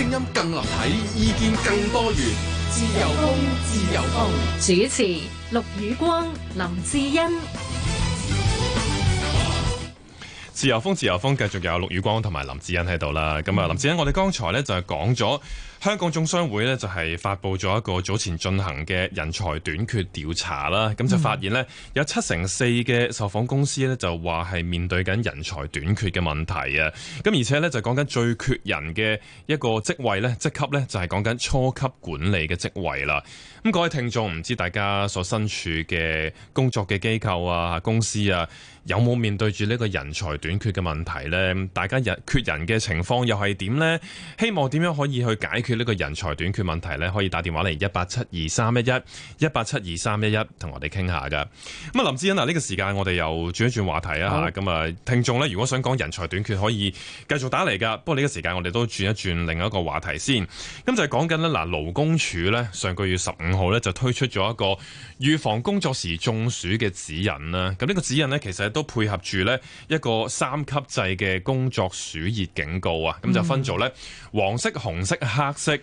聲音更立體，意見更多元。自由風，自由風。主持：陸雨光、林志恩。自由風，自由風，繼續有陸雨光同埋林志恩喺度啦。咁啊、嗯，林志恩，我哋剛才咧就係講咗。香港總商會咧就係發佈咗一個早前進行嘅人才短缺調查啦，咁、嗯、就發現呢，有七成四嘅受訪公司咧就話係面對緊人才短缺嘅問題啊，咁而且咧就講緊最缺人嘅一個職位呢職級呢，就係講緊初級管理嘅職位啦。咁各位聽眾唔知大家所身處嘅工作嘅機構啊公司啊，有冇面對住呢個人才短缺嘅問題呢？大家人缺人嘅情況又係點呢？希望點樣可以去解決呢個人才短缺問題呢？可以打電話嚟一八七二三一一一八七二三一一同我哋傾下噶。咁啊，林志恩呢、呢個時間我哋又轉一轉話題啊嚇。咁啊、哦，聽眾呢，如果想講人才短缺，可以繼續打嚟噶。不過呢個時間我哋都轉一轉另一個話題先。咁就係講緊呢，嗱，勞工署呢，上個月十五號呢，就推出咗一個預防工作時中暑嘅指引啦。咁、呢、呢個指引呢，其實都都配合住呢一個三級制嘅工作暑熱警告啊，咁就分做呢黃色、紅色、黑色。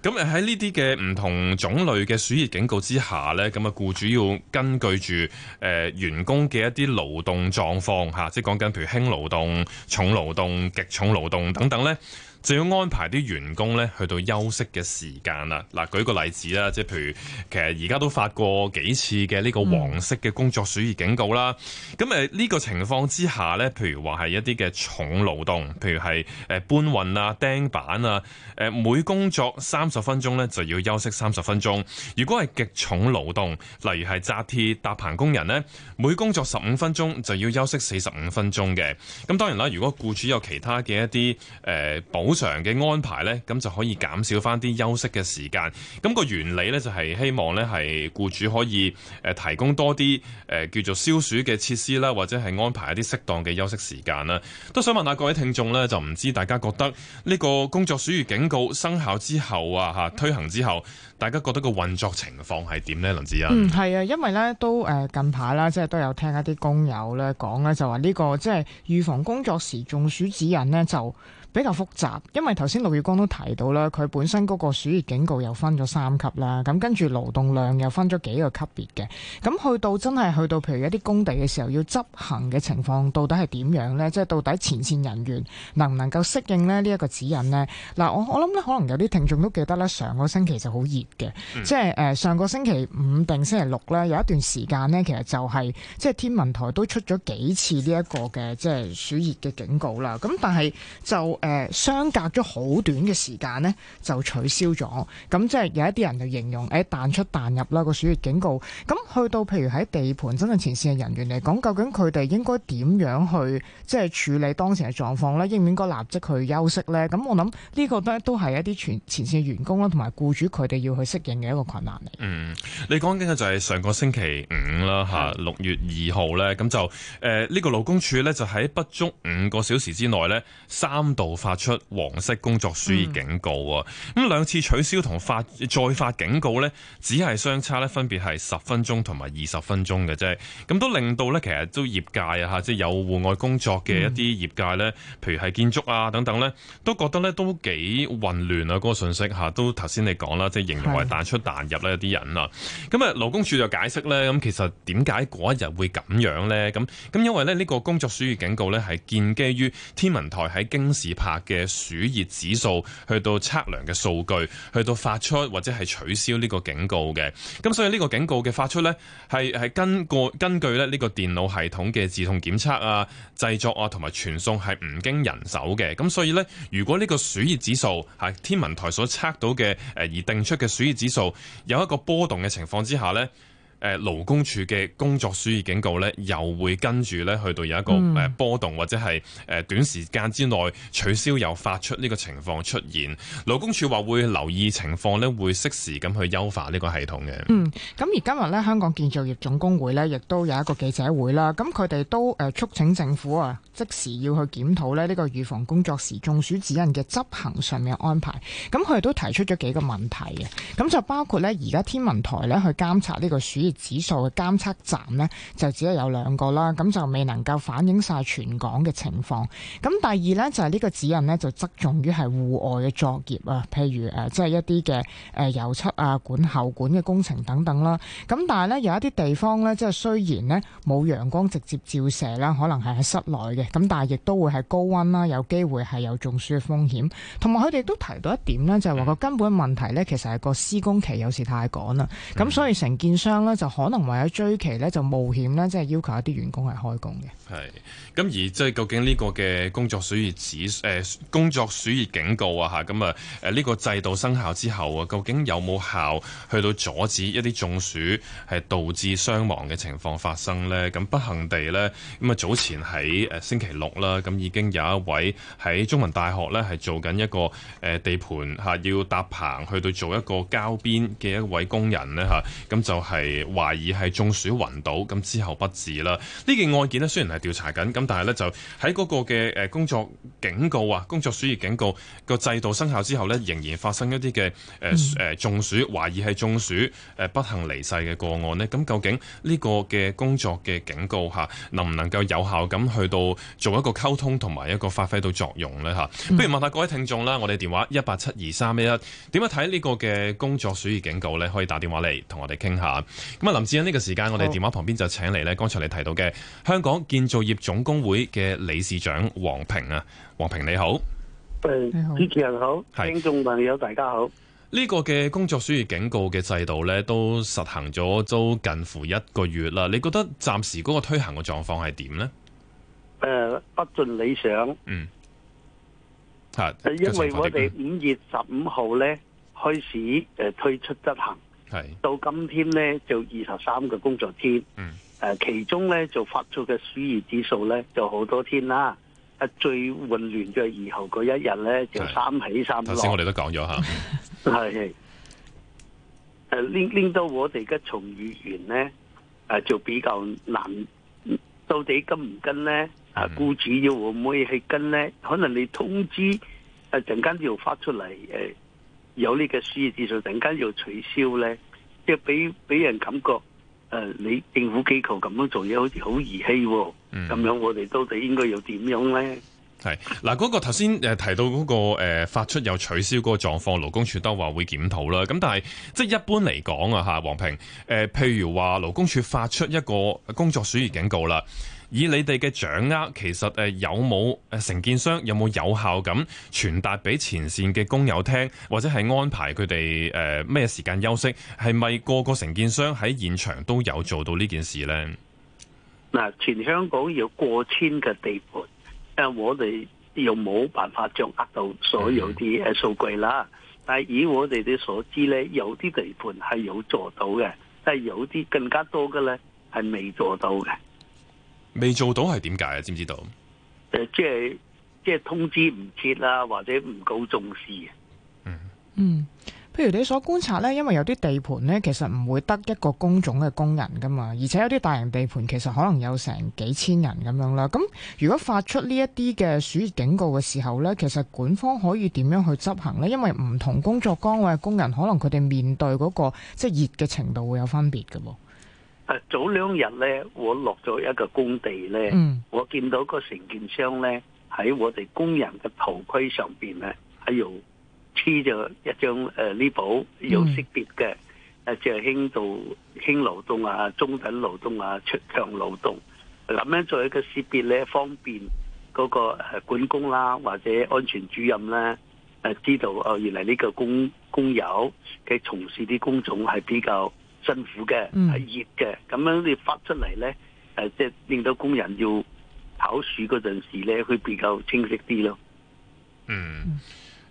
咁誒喺呢啲嘅唔同種類嘅暑熱警告之下呢，咁啊僱主要根據住誒員工嘅一啲勞動狀況吓，即係講緊譬如輕勞動、重勞動、極重勞動等等呢。就要安排啲員工呢去到休息嘅時間啦。嗱，舉個例子啦，即係譬如其實而家都發過幾次嘅呢個黃色嘅工作暑熱警告啦。咁誒呢個情況之下呢，譬如話係一啲嘅重勞動，譬如係誒搬運啊、釘板啊，誒每工作三十分鐘呢就要休息三十分鐘。如果係極重勞動，例如係紮鐵搭棚工人呢，每工作十五分鐘就要休息四十五分鐘嘅。咁當然啦，如果僱主有其他嘅一啲誒保補償嘅安排呢，咁就可以減少翻啲休息嘅時間。咁、那個原理呢，就係希望呢係雇主可以提供多啲叫做消暑嘅設施啦，或者係安排一啲適當嘅休息時間啦。都想問下各位聽眾呢，就唔知大家覺得呢個工作暑熱警告生效之後啊，推行之後，大家覺得個運作情況係點呢？林志欣，嗯，係啊，因為呢都誒、呃、近排啦，即係都有聽一啲工友咧講咧，就話呢、這個即係預防工作時中暑指引呢就。比較複雜，因為頭先陸月光都提到啦，佢本身嗰個暑熱警告又分咗三級啦，咁跟住勞動量又分咗幾個級別嘅，咁去到真係去到譬如一啲工地嘅時候要執行嘅情況，到底係點樣呢？即係到底前線人員能唔能夠適應呢？呢一個指引呢？嗱，我我諗咧，可能有啲聽眾都記得呢，上個星期就好熱嘅，即係誒上個星期五定星期六呢，有一段時間呢，其實就係即係天文台都出咗幾次呢一個嘅即係暑熱嘅警告啦。咁但係就誒、欸、相隔咗好短嘅時間呢就取消咗。咁即係有一啲人就形容誒、欸、彈出彈入啦、個暑熱警告。咁去到譬如喺地盤真係前線嘅人員嚟講，究竟佢哋應該點樣去即係處理當前嘅狀況呢？應唔應該立即去休息呢？咁我諗呢個都係一啲前前線嘅員工啦，同埋僱主佢哋要去適應嘅一個困難嚟。嗯，你講緊嘅就係上個星期五啦，六、嗯、月二號呢，咁就呢、呃這個勞工處呢，就喺不足五個小時之內呢。三度。冇發出黃色工作暑熱警告，咁兩、嗯、次取消同發再發警告呢，只係相差咧，分別係十分鐘同埋二十分鐘嘅啫。咁都令到呢，其實都業界啊，吓即係有戶外工作嘅一啲業界呢，嗯、譬如係建築啊等等呢，都覺得呢都幾混亂啊！嗰、嗰個信息吓，都頭先你講啦，即係形容為彈出彈入呢有啲人啊。咁啊是，勞工處就解釋呢，咁其實點解嗰一日會咁樣呢？咁咁因為呢，呢個工作暑熱警告呢，係建基於天文台喺京士拍嘅暑熱指數，去到測量嘅數據，去到發出或者係取消呢個警告嘅。咁所以呢個警告嘅發出呢，係係根據根據咧呢個電腦系統嘅自動檢測啊、製作啊同埋傳送係唔經人手嘅。咁所以呢，如果呢個暑熱指數係天文台所測到嘅誒而定出嘅暑熱指數有一個波動嘅情況之下呢，誒勞工處嘅工作暑熱警告咧，又會跟住咧去到有一個誒波動，嗯、或者係誒短時間之內取消又發出呢個情況出現。勞工處話會留意情況咧，會適時咁去優化呢個系統嘅。嗯，咁而今日咧，香港建造業總工會咧，亦都有一個記者會啦。咁佢哋都誒促請政府啊，即時要去檢討咧呢個預防工作時中暑指引嘅執行上面嘅安排。咁佢哋都提出咗幾個問題嘅。咁就包括咧，而家天文台咧去監察呢個暑指數嘅監測站呢，就只係有兩個啦，咁就未能夠反映晒全港嘅情況。咁第二呢，就係呢個指引呢，就側重於係戶外嘅作業啊，譬如誒即係一啲嘅誒油漆啊、管喉管嘅工程等等啦。咁但係呢，有一啲地方呢，即係雖然呢冇陽光直接照射啦，可能係喺室內嘅，咁但係亦都會係高溫啦，有機會係有中暑嘅風險。同埋佢哋都提到一點呢，就係話個根本問題呢，其實係個施工期有時太趕啦，咁所以承建商呢。就可能為咗追期呢，就冒險咧，即係要求一啲員工係開工嘅。係，咁而即係究竟呢個嘅工作暑熱指誒、嗯、工作暑熱警告啊嚇，咁啊誒呢個制度生效之後啊，究竟有冇效去到阻止一啲中暑係導致傷亡嘅情況發生呢？咁不幸地呢，咁啊早前喺誒星期六啦，咁已經有一位喺中文大學呢，係做緊一個誒地盤嚇要搭棚去到做一個交邊嘅一位工人呢。嚇，咁就係、是。懷疑係中暑暈倒，咁之後不治啦。呢件案件咧，雖然係調查緊，咁但係呢就喺嗰個嘅誒工作警告啊，工作暑熱警告個制度生效之後呢，仍然發生一啲嘅誒誒中暑懷疑係中暑誒、呃、不幸離世嘅個案呢。咁究竟呢個嘅工作嘅警告吓，能唔能夠有效咁去到做一個溝通同埋一個發揮到作用呢？吓，不如問下各位聽眾啦，我哋電話一八七二三一一，點樣睇呢個嘅工作暑熱警告呢，可以打電話嚟同我哋傾下。咁啊，林志恩，呢個時間，我哋電話旁邊就請嚟呢，剛才你提到嘅，香港建造業總工會嘅理事長黃平啊，黃平你好，誒你好，主持人好，聽眾朋友大家好。呢個嘅工作暑熱警告嘅制度呢，都實行咗都近乎一個月啦。你覺得暫時嗰個推行嘅狀況係點呢？誒、呃，不盡理想。嗯。啊、因為我哋五月十五號呢、嗯、開始誒推出執行。係是到今天咧就二十三個工作天。嗯，誒，其中咧就發出嘅暑熱指數咧就好多天啦，啊，最混亂嘅二號嗰一日咧就三起三落。頭先我哋都講咗吓，係誒是，拎拎、 啊、到我哋嘅從業員咧，誒、啊，就比較難，到底跟唔跟咧？啊、嗯，僱主要會唔會去跟咧？可能你通知誒，陣間要發出嚟，誒。啊有呢個暑熱技術突然間要取消咧，即係俾俾人感覺、呃、你政府機構咁樣做嘢好似好兒戲喎。咁、嗯、樣我哋到底應該要點樣咧？係嗱，嗰、那個頭先提到嗰、那個、呃、發出又取消嗰個狀況，勞工處都話會檢討啦。咁但係即一般嚟講啊，嚇黃平、呃、譬如話勞工處發出一個工作暑熱警告啦。以你哋嘅掌握，其實誒有冇誒承建商有冇有，有效咁傳達俾前線嘅工友聽，或者係安排佢哋誒咩時間休息？係咪個個承建商喺現場都有做到呢件事咧？嗱，全香港要過千嘅地盤誒，我哋又冇辦法掌握到所有啲誒數據啦。但係以我哋啲所知咧，有啲地盤係有做到嘅，但係有啲更加多嘅咧係未做到嘅。未做到係點解啊？知唔知道？誒，即係即係通知唔切啦，或者唔夠重視。嗯嗯，譬如你所觀察呢，因為有啲地盤呢，其實唔會得一個工種嘅工人噶嘛，而且有啲大型地盤其實可能有成幾千人咁樣啦。咁如果發出呢一啲嘅暑熱警告嘅時候呢，其實管方可以點樣去執行呢？因為唔同工作崗位嘅工人，可能佢哋面對嗰個即係熱嘅程度會有分別噶早兩日咧，我落咗一個工地咧，嗯、我見到個承建商咧喺我哋工人嘅頭盔上面咧，喺度黐咗一張誒呢簿，呃、堡有識別嘅誒，即係、嗯啊就是、輕度輕勞動啊，中等勞動啊，出強勞動。咁樣做一個識別咧，方便嗰個管工啦、啊，或者安全主任咧、啊、誒、啊、知道哦，原來呢個工工友佢從事啲工種係比較。辛苦嘅、係熱嘅，咁樣你發出嚟咧，誒，即係令到工人要跑暑嗰陣時咧，佢比較清晰啲咯。嗯，誒、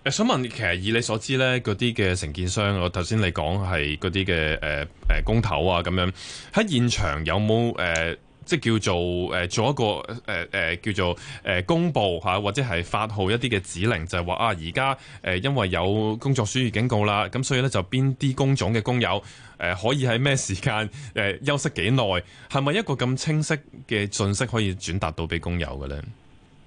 呃，想問，其實以你所知咧，嗰啲嘅承建商，我頭先你講係嗰啲嘅，誒、呃，誒、呃，工頭啊樣，咁樣喺現場有冇誒？呃即叫做誒、呃、做一個誒誒、呃呃、叫做誒、呃、公布吓、啊，或者係發號一啲嘅指令，就係、是、話啊而家誒因為有工作暑熱警告啦，咁所以咧就邊啲工種嘅工友誒、呃、可以喺咩時間誒、呃、休息幾耐，係咪一個咁清晰嘅信息可以轉達到俾工友嘅咧？誒、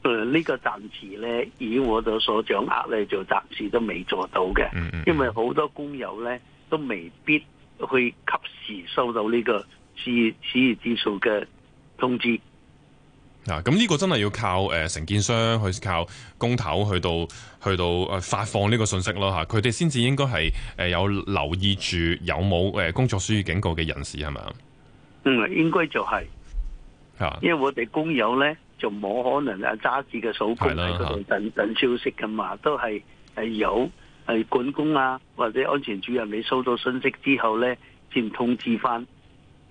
呃這個、呢個暫時咧，以我哋所掌握咧，就暫時都未做到嘅，因為好多工友咧都未必去及時收到呢個暑熱暑熱指數嘅。通知嗱，咁呢、啊、個真係要靠誒，承、呃、建商去靠工頭去到去到誒發放呢個信息咯吓，佢哋先至應該係誒有留意住有冇誒工作需要警告嘅人士係咪啊？嗯，應該就係、是、吓，因為我哋工友咧就冇可能啊揸住嘅數據喺度等的等消息噶嘛，的都係係有係管工啊或者安全主任，你收到信息之後咧先通知翻。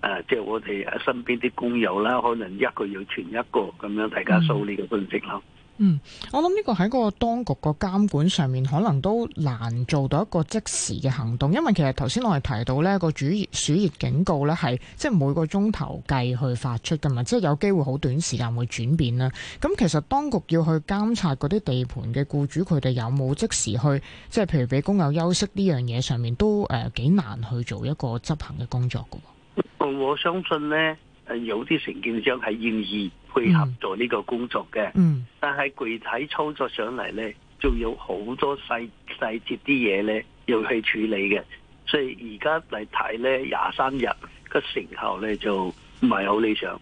誒、啊，即係我哋誒，身邊啲工友啦，可能一個要傳一個咁樣，大家梳理呢個信息咯。嗯，我諗呢個喺個當局個監管上面，可能都難做到一個即時嘅行動，因為其實頭先我哋提到呢、呢個暑熱暑熱警告呢，係即係每個鐘頭計去發出噶嘛，即、就、係、是、有機會好短時間會轉變啦。咁其實當局要去監察嗰啲地盤嘅僱主，佢哋有冇即時去即係，就是、譬如俾工友休息呢樣嘢上面，都誒幾、呃、難去做一個執行嘅工作噶我相信呢，有啲承建商係願意配合做呢個工作嘅，嗯。嗯，但係具體操作上嚟呢，仲有好多細細節啲嘢呢要去處理嘅。所以而家嚟睇呢，廿三日個成效呢就唔係好理想。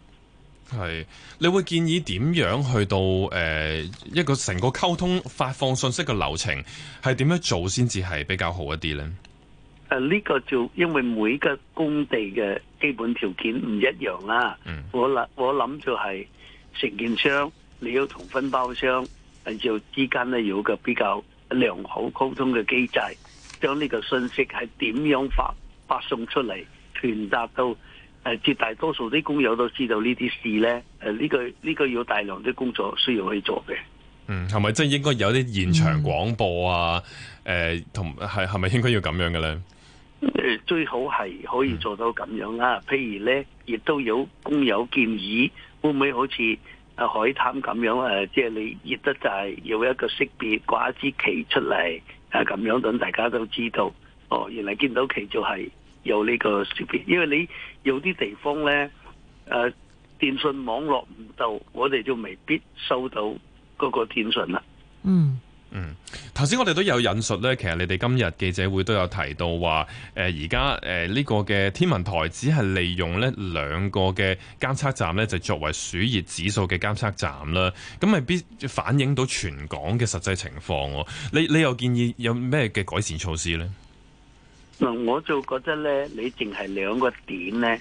係，你會建議點樣去到誒一，呃、個成個溝通，發放信息嘅流程係點樣做先至係比較好一啲呢？誒，呢、啊這個就因為每個工地嘅基本條件唔一樣啦。嗯我諗我諗就係承建商你要同分包商、啊、就之間咧有個比較良好溝通嘅機制，將呢個信息係點樣發發送出嚟，傳達到誒絕、啊、大多數啲工友都知道這些事呢啲事咧。誒、啊，呢、這個呢、這個要大量啲工作需要去做嘅。嗯，係咪即係應該有啲現場廣播啊？誒、嗯，同係係咪應該要咁樣嘅咧？誒最好係可以做到咁樣啊！譬如呢，亦都有工友建議，會唔會好似啊海灘咁樣誒？即係你熱得就滯，要一個識別掛一支旗出嚟，啊咁樣等大家都知道。哦，原來見到旗就係有呢個識別，因為你有啲地方呢，誒、啊、電信網絡唔到，我哋就未必收到嗰個電信啦。嗯。嗯，頭先我哋都有引述呢。其實你哋今日記者會都有提到話，誒而家誒呢個嘅天文台只係利用咧兩個嘅監測站呢就作為暑熱指數嘅監測站啦。咁未必反映到全港嘅實際情況，啊。你你又建議有咩嘅改善措施呢？嗱，我就覺得呢，你淨係兩個點呢，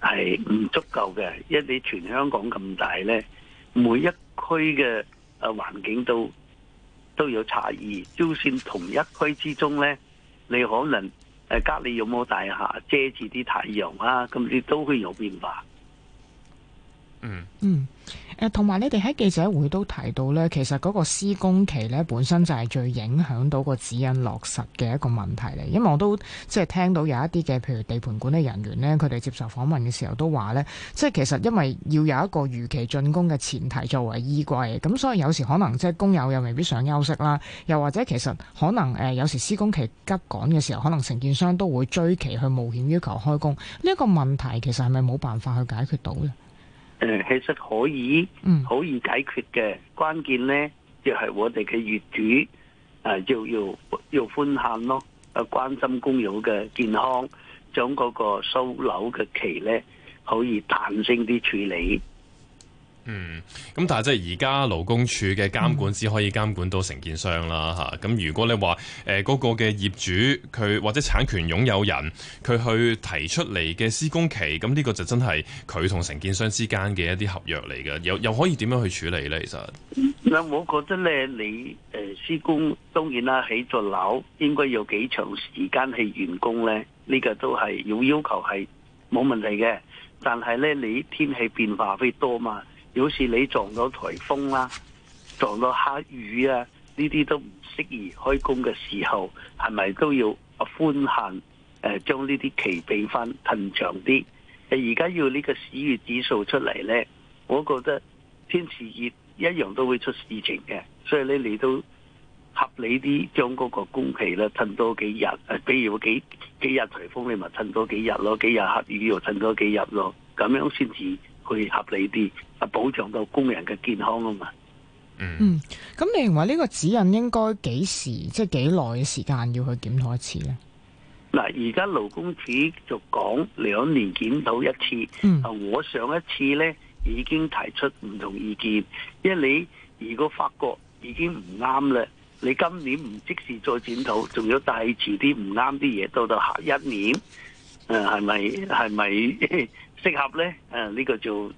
係唔足夠嘅，因你全香港咁大呢，每一區嘅誒環境都。都有差異，就算同一區之中咧，你可能誒隔籬有冇大廈遮住啲太陽啊，咁你都會有變化。嗯嗯，誒，同埋，你哋喺記者會都提到咧，其實嗰個施工期咧，本身就係最影響到個指引落實嘅一個問題嚟。因為我都即係聽到有一啲嘅，譬如地盤管理人員咧，佢哋接受訪問嘅時候都話咧，即係其實因為要有一個如期竣工嘅前提作為依歸，咁所以有時可能即係工友又未必想休息啦，又或者其實可能誒，有時施工期急趕嘅時候，可能承建商都會追期去冒險要求開工呢一個問題，其實係咪冇辦法去解決到呢？誒，嗯、其實可以，嗯可以解決嘅關鍵咧，就係、是、我哋嘅業主，啊，要要要寬限咯，啊，關心工友嘅健康，將嗰個收樓嘅期咧，可以彈性啲處理。嗯，咁但係即係而家勞工處嘅監管只可以監管到承建商啦，吓咁、嗯、如果你話誒嗰個嘅業主佢或者產權擁有人佢去提出嚟嘅施工期，咁呢個就真係佢同承建商之間嘅一啲合約嚟嘅，又又可以點樣去處理咧？其實，嗱，我覺得咧，你誒施工當然啦，起座樓應該要幾長時間去完工咧？呢、這個都係要要求係冇問題嘅，但係咧你天氣變化非多嘛？有時你撞到台風啦、啊，撞到黑雨啊，呢啲都唔適宜開工嘅時候，係咪都要寬限將？誒，將呢啲期俾翻，褪長啲。而家要呢個暑熱指數出嚟呢，我覺得天時熱一樣都會出事情嘅，所以你都合理啲將嗰個工期咧褪多幾日。比如幾幾日台風你咪褪多幾日咯，幾日黑雨又褪多幾日咯，咁樣先至。會合理啲，啊，保障到工人嘅健康啊嘛。嗯，咁你認為呢個指引應該幾時，即係幾耐嘅時間要去檢討一次咧？嗱，而家勞工處就講兩年檢討一次。一次嗯、我上一次呢已經提出唔同意見，因為你如果發覺已經唔啱咧，你今年唔即時再檢討，仲要帶住啲唔啱啲嘢到到下一年，誒，係咪係咪？ 適合呢，誒、啊、呢、這個就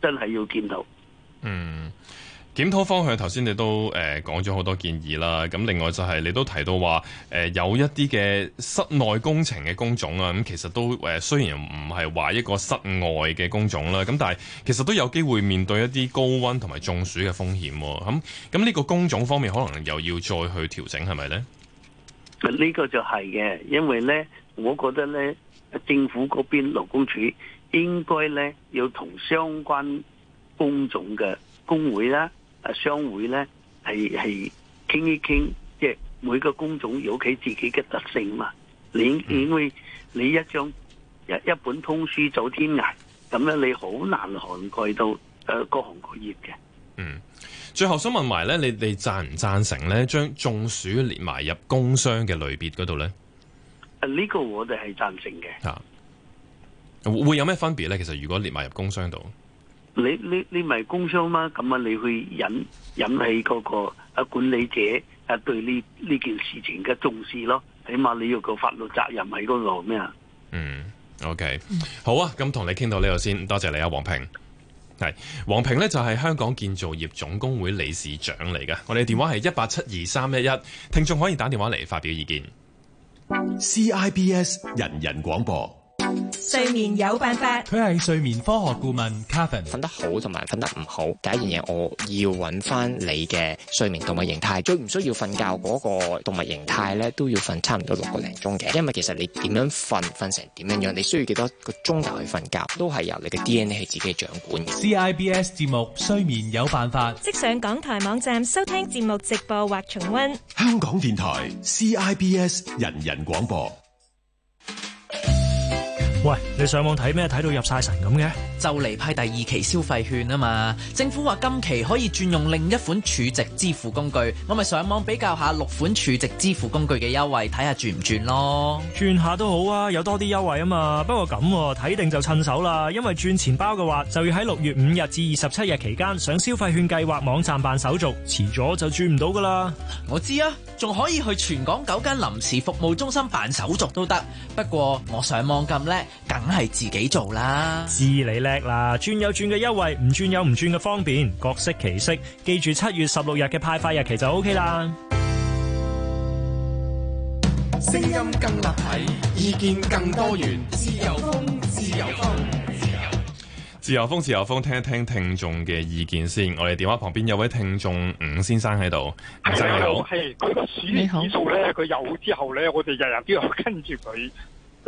真係要見到。嗯，檢討方向，頭先你都誒講咗好多建議啦。咁另外就係你都提到話，誒、呃、有一啲嘅室內工程嘅工種啊，咁、嗯、其實都誒、呃、雖然唔係話一個室外嘅工種啦、啊，咁但係其實都有機會面對一啲高温同埋中暑嘅風險、啊。咁咁呢個工種方面可能又要再去調整，係咪呢？呢個就係嘅，因為呢，我覺得呢政府嗰邊勞工處。應該咧要同相關工種嘅工會啦、啊商會咧係係傾一傾，即係每個工種有佢自己嘅特性嘛。你因為你一張一一本通書走天涯，咁樣你好難涵蓋到誒各行各業嘅。嗯，最後想問埋咧，你哋贊唔贊成咧？將中暑連埋入工傷嘅類別嗰度咧？啊，呢、呢個我哋係贊成嘅。會有咩分別呢？其實如果列埋入工傷度，你你你咪工傷嗎？咁啊，你去引引起嗰個啊管理者啊對呢呢件事情嘅重視咯，起碼你要個法律責任喺嗰度咩啊？嗯，OK，好啊，咁同你傾到呢度先，多謝你啊，黃平係黃平呢就係、是、香港建造業總工會理事長嚟嘅。我哋電話係一八七二三一一，聽眾可以打電話嚟發表意見，CIBS 人人廣播。睡眠有辦法，佢係睡眠科學顧問 Kevin。瞓得好同埋瞓得唔好，第一樣嘢我要揾翻你嘅睡眠動物形態。最唔需要瞓覺嗰個動物形態咧，都要瞓差唔多六個零鐘嘅。因為其實你點樣瞓，瞓成點樣樣，你需要幾多個鐘頭去瞓覺，都係由你嘅 DNA 自己掌管嘅。CIBS 節目《睡眠有辦法》，即上港台網站收聽節目直播或重溫。香港電台 CIBS 人人廣播。喂，你上網睇咩睇到入晒神咁嘅？就嚟派第二期消費券啊嘛！政府話今期可以轉用另一款儲值支付工具，我咪上網比較下六款儲值支付工具嘅優惠，睇下轉唔轉咯？轉下都好啊，有多啲優惠啊嘛！不過咁睇、啊、定就趁手啦，因為轉錢包嘅話就要喺六月五日至二十七日期間上消費券計劃網站辦手續，遲咗就轉唔到噶啦。我知啊，仲可以去全港九間臨時服務中心辦手續都得，不過我上網咁叻。梗係自己做啦！知你叻啦，轉有轉嘅優惠，唔轉有唔轉嘅方便，各式其式，記住七月十六日嘅派發日期就 O K 啦。聲音更立體，意見更多元，自由風，自由風，自由，自,由風,自由風，自由風。聽一聽聽眾嘅意見先。我哋電話旁邊有位聽眾伍先生喺度，先生你好。係嗰個指數咧，佢有之後咧，我哋日日都要跟住佢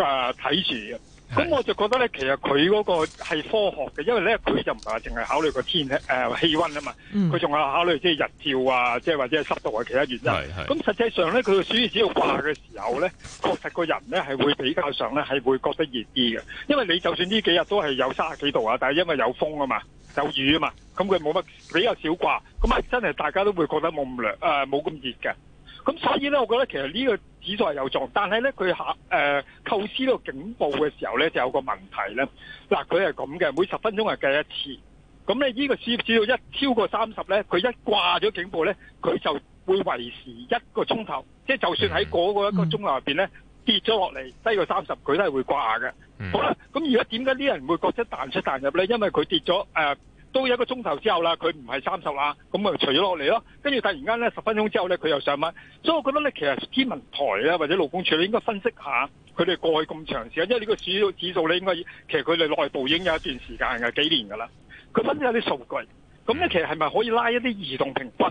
啊睇住。呃咁我就覺得咧，其實佢嗰個係科學嘅，因為咧佢就唔係話淨係考慮個天誒、呃、氣溫啊嘛，佢仲有考慮即係日照啊，即係或者係濕度啊其他原因。咁實際上咧，佢嘅暑熱只要掛嘅時候咧，確實個人咧係會比較上咧係會覺得熱啲嘅，因為你就算呢幾日都係有卅幾度啊，但係因為有風啊嘛，有雨啊嘛，咁佢冇乜比較少掛，咁啊真係大家都會覺得冇咁涼，冇咁熱嘅。呃咁所以咧，我覺得其實呢個指數係有狀，但係咧佢下誒、呃、構思個警報嘅時候咧，就有個問題咧。嗱，佢係咁嘅，每十分鐘係計一次。咁咧，呢個指數一超過三十咧，佢一掛咗警報咧，佢就會維持一個鐘頭。即、就、係、係、就算喺嗰個一個鐘頭入邊咧，嗯、跌咗落嚟低過三十，佢都係會掛嘅。嗯、好啦，咁而家點解啲人會會覺得彈出彈入咧？因為佢跌咗誒。呃都一個鐘頭之後啦，佢唔係三十啦，咁咪除咗落嚟咯，跟住突然間咧，十分鐘之後咧，佢又上返。所以我覺得咧，其實天文台啊，或者勞工處你應該分析下佢哋過去咁長時間，因為呢個指數指數咧，應該其實佢哋內部已經有一段時間嘅幾年噶啦，佢分析下啲數據，咁咧其實係咪可以拉一啲移動平均？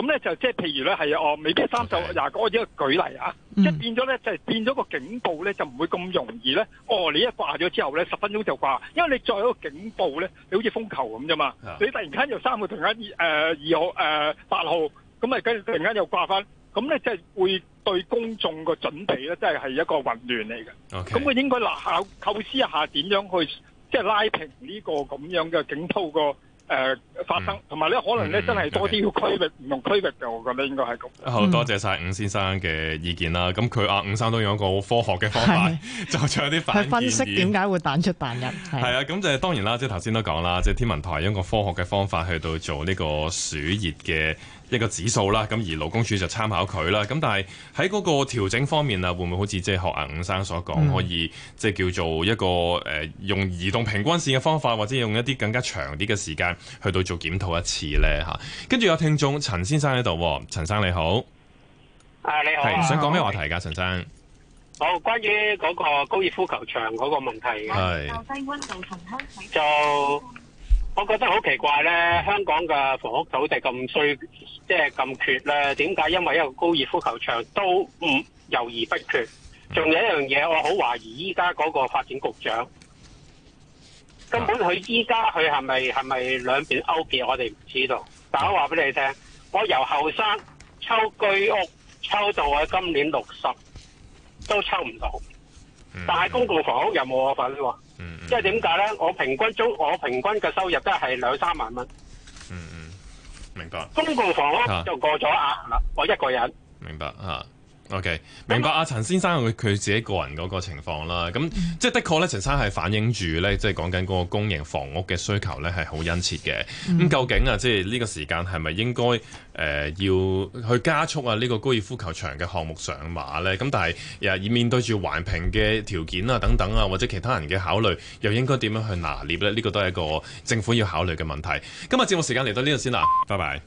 咁咧就即係譬如咧係哦未必三就廿個一個舉例啊，即係、嗯、變咗咧就係變咗個警報咧就唔會咁容易咧。哦，你一掛咗之後咧，十分鐘就掛，因為你再個警報咧，你好似風球咁啫嘛。Yeah. 你突然間又三號突然間誒二號誒八號，咁啊跟住突然間又掛翻，咁咧即係會對公眾個準備咧，即係係一個混亂嚟嘅。咁佢 Okay. 應該嗱下構思一下點樣去即係、就是、拉平呢個咁樣嘅警報個。誒、嗯、發生，同埋咧可能咧、嗯、真係多啲要區域唔同 okay. 區域就我覺得應該係咁。好，oh, 多謝晒伍先生嘅意見啦。咁佢、嗯、啊，伍生都用一個科學嘅方法，就的做啲反去分析點解會彈出彈入。係啊， 咁就當然啦，即係頭先都講啦，即天文台用一個科學嘅方法去到做呢個暑熱嘅。一個指數啦，咁而勞工處就參考佢啦。咁但係喺嗰個調整方面啊，會唔會好似即係學阿五生所講，嗯、可以即係叫做一個、呃、用移動平均線嘅方法，或者用一啲更加長啲嘅時間去到做檢討一次咧？跟住有聽眾陳先生喺度，陳生你好，啊你好，想講咩話題噶，陳生？好，關於嗰個高爾夫球場嗰個問題、啊。係是。是我覺得好奇怪咧，香港嘅房屋土地咁衰，即係咁缺咧，點解因為一個高爾夫球場都唔猶豫不決？仲有一樣嘢，我好懷疑依家嗰個發展局長，根本佢依家佢係咪係咪兩邊勾結？我哋唔知道。但我話俾你聽，我由後生抽居屋抽到我今年六十，都抽唔到。但係公共房屋又冇我份喎？即係點解咧？我平均租，我平均嘅收入都係兩三萬蚊。嗯嗯，明白。公共房屋就過咗啊！嗱，我一個人。明白啊。嗯 OK，明白、啊。阿陳先生佢佢自己個人嗰個情況啦，咁、嗯、即係的確咧，陳生係反映住咧，即係講緊嗰個公營房屋嘅需求咧係好殷切嘅。咁、嗯嗯、究竟啊，即係呢個時間係咪應該誒、呃、要去加速啊？呢、這個高爾夫球場嘅項目上馬咧？咁但係又而面對住環評嘅條件啊、等等啊，或者其他人嘅考慮，又應該點樣去拿捏咧？呢、這個都係一個政府要考慮嘅問題。今日節目時間嚟到呢度先啦，拜拜。